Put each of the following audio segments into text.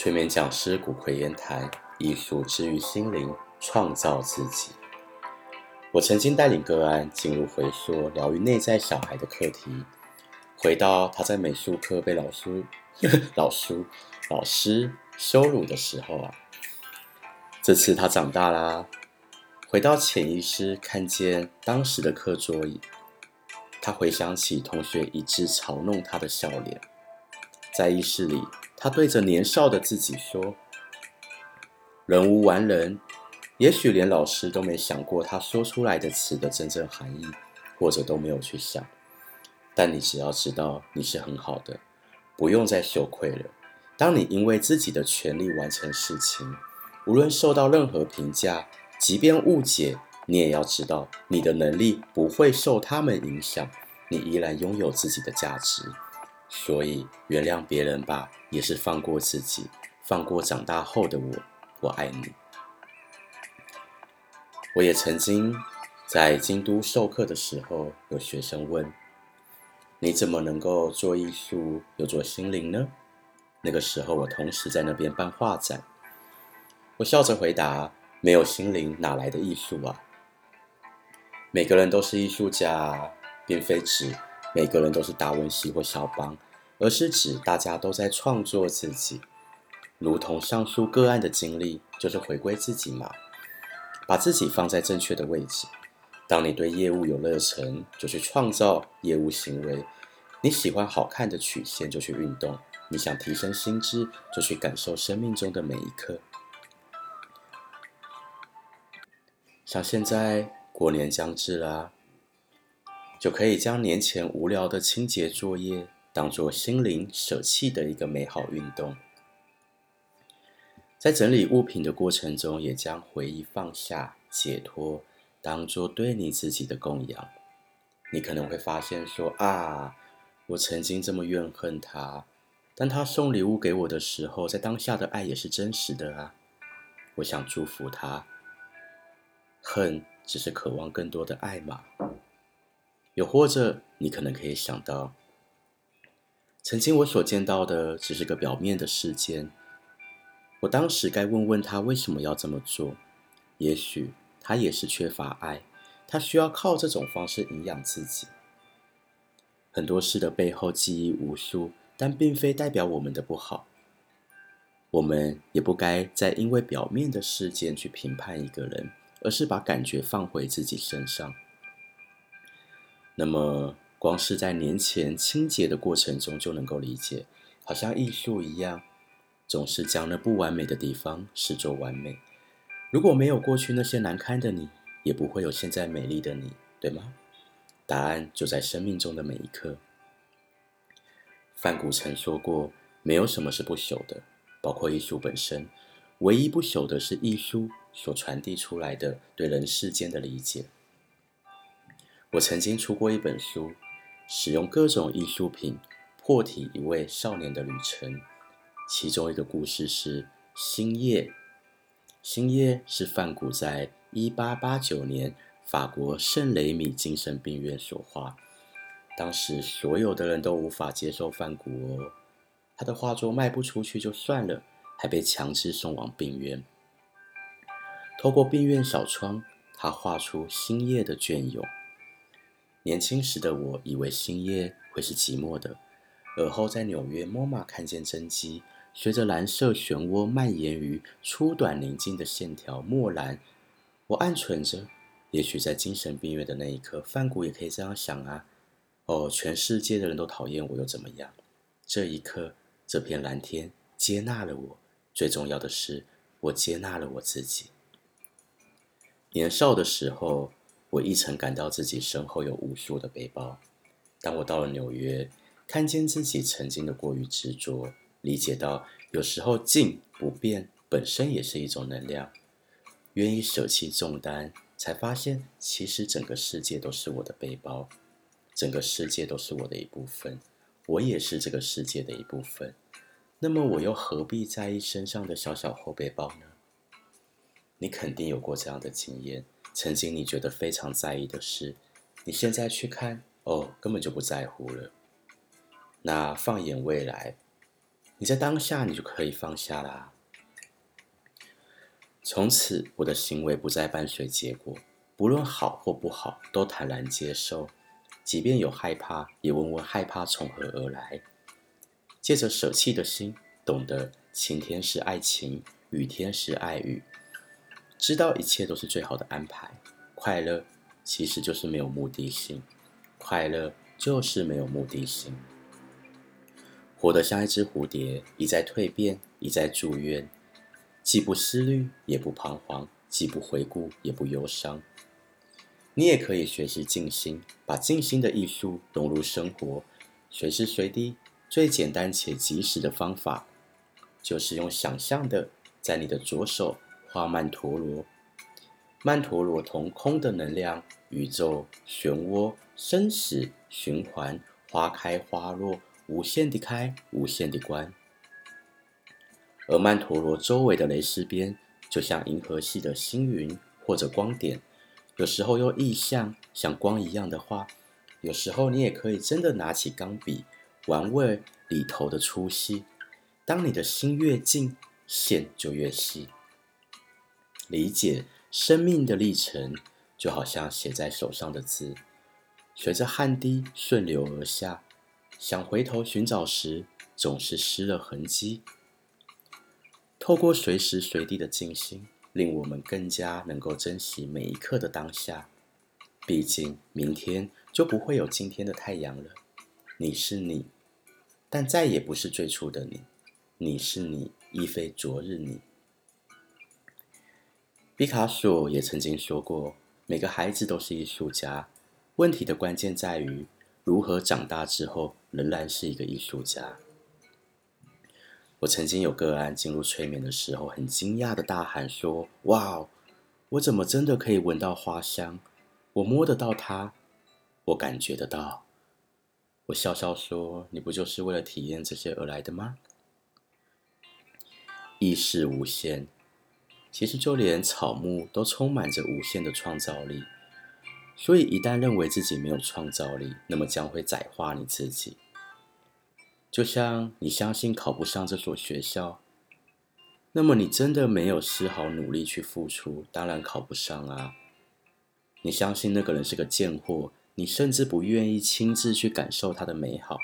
催眠講師古馗言談，藝術之於心靈，創造自己。我曾經帶領個案進入回溯，療癒內在小孩的課題。回到他在美術課被老師、 老師、老師羞辱的時候啊，這次他長大啦，回到潛意識看見當時的課桌椅，他回想起同學一致嘲弄他的笑臉，在意識裡。他對着年少的自己說：“人無完人，也許連老師都沒想過他說出來的詞的真正含義，或者都沒有去想。但你只要知道你是很好的，不用再羞愧了。當你因為自己的全力完成事情，無論受到任何評價，即便誤解，你也要知道你的能力不會受他們影響，你依然擁有自己的價值。”所以，原諒別人吧，也是放過自己，放過長大後的我。我愛你。我也曾經在京都授課的時候，有學生問：“你怎麼能夠做藝術又做心靈呢？”那個時候，我同時在那邊辦畫展。我笑着回答：“沒有心靈，哪來的藝術啊？”每個人都是藝術家，並非只……每個人都是達文西或肖邦，而是指大家都在創作自己。如同上述個案的經歷，就是回歸自己嘛。把自己放在正確的位置。當你對業務有熱忱，就去創造業務行為；你喜歡好看的曲線，就去運動；你想提升心智，就去感受生命中的每一刻。像現在，過年將至啦。就可以將年前無聊的清潔作業當做心靈捨棄的一個美好運動，在整理物品的過程中，也將回憶放下、解脫，當做對你自己的供養。你可能會發現說：“啊，我曾經這麼怨恨他，但他送禮物給我的時候，在當下的愛也是真實的啊！我想祝福他，恨只是渴望更多的愛嘛。又或者，你可能可以想到，曾經我所見到的只是個表面的事件。我當時該問問他為什麼要這麼做。也許他也是缺乏愛，他需要靠這種方式營養自己。很多事的背後，記憶無數，但並非代表我們的不好。我們也不該再因為表面的事件去評判一個人，而是把感覺放回自己身上。那麼，光是在年前清潔的過程中就能夠理解，好像藝術一樣，總是將那不完美的地方視作完美。如果沒有過去那些難堪的你，也不會有現在美麗的你，對嗎？答案就在生命中的每一刻。梵谷曾說過，沒有什麼是不朽的，包括藝術本身，唯一不朽的是藝術所傳遞出來的對人世間的理解。我曾經出過一本書，使用各種藝術品破題一位少年的旅程。其中一個故事是《星夜》。《星夜》是梵谷在一八八九年法國聖雷米精神病院所畫。當時所有的人都無法接受梵谷，哦，他的畫作賣不出去就算了，還被強制送往病院。透過病院小窗，他畫出《星夜》的雋永。年輕時的我以為星夜會是寂寞的，而後在紐約，MoMA 看見真跡隨着藍色漩渦蔓延於粗短寧靜的線條，墨藍，我暗存着，也許在精神病院的那一刻，梵谷也可以這樣想啊，哦，全世界的人都討厭我又怎麼樣？這一刻，這片藍天接納了我，最重要的是，我接納了我自己。年少的時候。我一曾感到自己身後有無數的背包，當我到了紐約，看見自己曾經的過於執着，理解到有時候靜不變本身也是一種能量，願意捨棄重擔，才發現其實整個世界都是我的背包，整個世界都是我的一部分，我也是這個世界的一部分，那麼我又何必在意身上的小小後背包呢？你肯定有過這樣的經驗。曾經你覺得非常在意的事，你現在去看哦，根本就不在乎了。那放眼未來，你在當下你就可以放下啦啊。從此，我的行為不再伴隨結果，不論好或不好，都坦然接受。即便有害怕，也問問害怕從何而來。借着捨棄的心，懂得晴天時愛晴，雨天時愛雨。知道一切都是最好的安排，快樂其實就是沒有目的性，快樂就是沒有目的性。活得像一隻蝴蝶，一再蛻變，一再祝願，既不思慮，也不彷徨，既不回顧，也不憂傷。你也可以學習靜心，把靜心的藝術融入生活，隨時隨地。最簡單且及時的方法，就是用想象的，在你的左手。畫曼陀羅，曼陀羅同空的能量、宇宙漩渦、生死循環、花開花落，無限的開，無限的關。而曼陀羅周圍的蕾絲邊，就像銀河系的星雲或者光點，有時候又意象像光一樣的話，有時候你也可以真的拿起鋼筆，玩味裡頭的粗細。當你的心越近，線就越細。理解生命的歷程，就好像寫在手上的字，隨着汗滴順流而下。想回頭尋找時，總是失了痕跡。透過隨時隨地的靜心，令我們更加能夠珍惜每一刻的當下。畢竟，明天就不會有今天的太陽了。你是你，但再也不是最初的你。你是你，亦非昨日你。畢卡索也曾經說過：“每個孩子都是藝術家，問題的關鍵在於如何長大之後仍然是一個藝術家。”我曾經有個案進入催眠的時候，很驚訝的大喊說：“哇哦，我怎麼真的可以聞到花香？我摸得到它，我感覺得到。”我笑笑說：“你不就是為了體驗這些而來的嗎？”意識無限。其實就連草木都充滿着無限的創造力，所以一旦認為自己沒有創造力，那麼將會窄化你自己。就像你相信考不上這所學校，那麼你真的沒有絲毫努力去付出，當然考不上啊。你相信那個人是個賤貨，你甚至不願意親自去感受他的美好，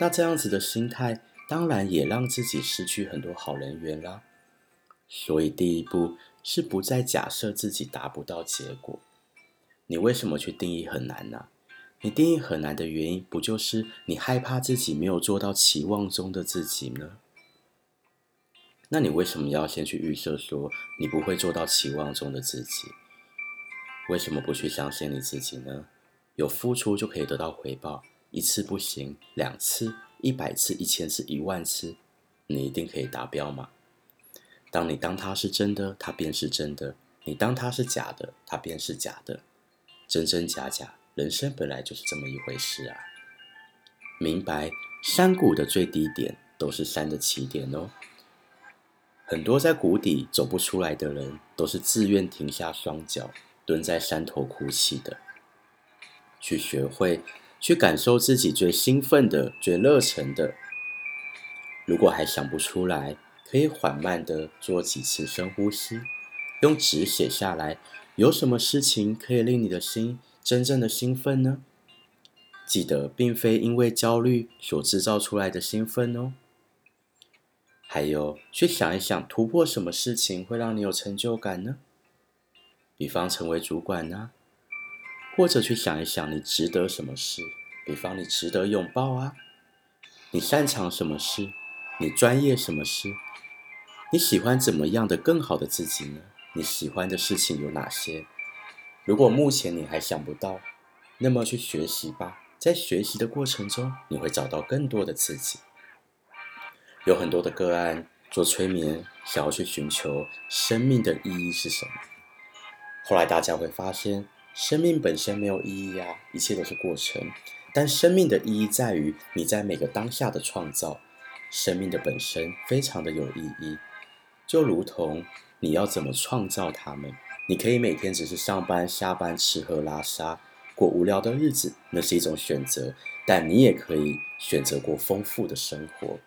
那這樣子的心態，當然也讓自己失去很多好人緣啦。所以，第一步是不再假設自己達不到結果。你為什麼去定義很難呢、啊？你定義很難的原因，不就是你害怕自己沒有做到期望中的自己呢？那你為什麼要先去預設說你不會做到期望中的自己？為什麼不去相信你自己呢？有付出就可以得到回報，一次不行，兩次，一百次，一千次，一萬次，你一定可以達標嗎？當你當他是真的，他便是真的；你當他是假的，他便是假的。真真假假，人生本來就是這麼一回事啊！明白，山谷的最低點都是山的起點哦。很多在谷底走不出來的人，都是自願停下雙腳，蹲在山頭哭泣的。去學會，去感受自己最興奮的、最熱忱的。如果還想不出來，可以緩慢地做幾次深呼吸，用紙寫下來，有什麼事情可以令你的心真正的興奮呢？記得並非因為焦慮所製造出來的興奮哦。還有，去想一想突破什麼事情會讓你有成就感呢？比方成為主管呢、啊，或者去想一想你值得什麼事？比方你值得擁抱啊，你擅長什麼事？你專業什麼事？你喜歡怎麼樣的更好的自己呢？你喜歡的事情有哪些？如果目前你還想不到，那麼去學習吧。在學習的過程中，你會找到更多的自己。有很多的個案做催眠，想要去尋求生命的意義是什麼。後來大家會發現，生命本身沒有意義啊，一切都是過程。但生命的意義在於你在每個當下的創造，生命的本身非常的有意義。就如同你要怎麼創造他們，你可以每天只是上班、下班、吃喝拉撒，過無聊的日子，那是一種選擇；但你也可以選擇過豐富的生活。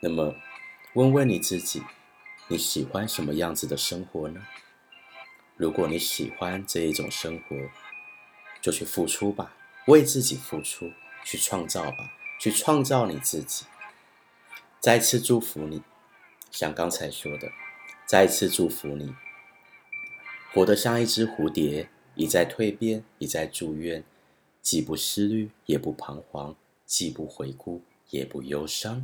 那麼，問問你自己，你喜歡什麼樣子的生活呢？如果你喜歡這一種生活，就去付出吧，為自己付出，去創造吧，去創造你自己。再次祝福你。像剛才說的，再一次祝福你，活得像一隻蝴蝶，一再蛻變，一再祝願，既不思慮，也不彷徨，既不回顧，也不憂傷。